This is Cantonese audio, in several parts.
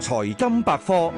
財金百科：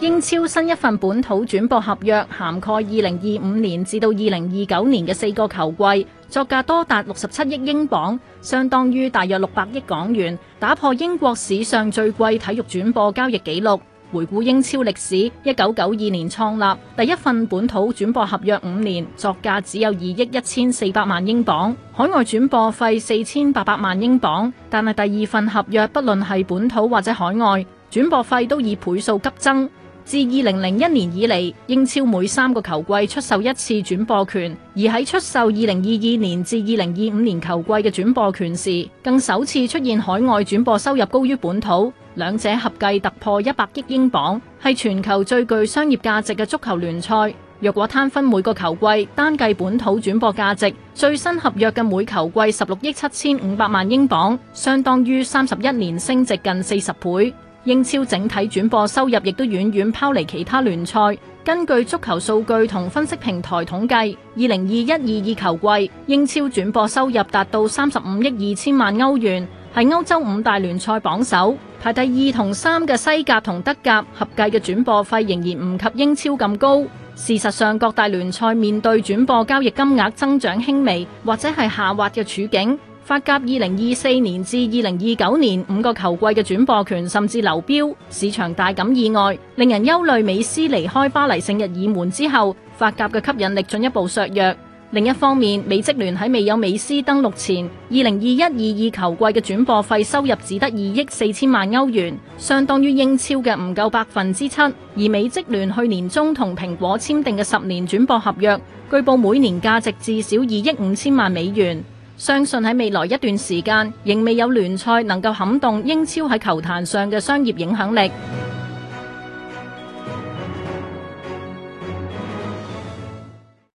英超新一份本土轉播合約涵蓋二零二五年至到二零二九年嘅四個球季，作價多達六十七億英鎊，相當於大約六百億港元，打破英國史上最貴體育轉播交易紀錄。回顧英超歷史，一九九二年創立，第一份本土轉播合約，五年作價只有二億一千四百萬英鎊，海外轉播費四千八百萬英鎊。但係第二份合約，不論係本土或者海外，轉播費都以倍數急增。自二零零一年以嚟，英超每三個球季出售一次轉播權，而喺出售二零二二年至二零二五年球季嘅轉播權時，更首次出現海外轉播收入高於本土，兩者合計突破一百億英鎊，係全球最具商業價值嘅足球聯賽。若果攤分每個球季，單計本土轉播價值，最新合約嘅每球季十六億七千五百萬英鎊，相當於三十一年升值近四十倍。英超整體轉播收入亦都遠遠拋離其他聯賽。根據足球數據同分析平台統計，二零二一二二球季，英超轉播收入達到三十五億二千萬歐元，係歐洲五大聯賽榜首。排第二同三嘅西甲同德甲合計嘅轉播費仍然唔及英超咁高。事實上，各大聯賽面對轉播交易金額增長輕微，或者係下滑嘅處境。法甲二零二四年至二零二九年五個球季嘅轉播權甚至流標，市場大感意外，令人憂慮。美斯離開巴黎聖日耳門之後，法甲嘅吸引力進一步削弱。另一方面，美職聯喺未有美斯登陸前，二零二一二二球季嘅轉播費收入只得二億四千萬歐元，相當於英超嘅唔夠百分之七。而美職聯去年中同蘋果簽訂嘅十年轉播合約，據報每年價值至少二億五千萬美元。相信喺未來一段時間，仍未有聯賽能夠撼動英超喺球壇上嘅商業影響力。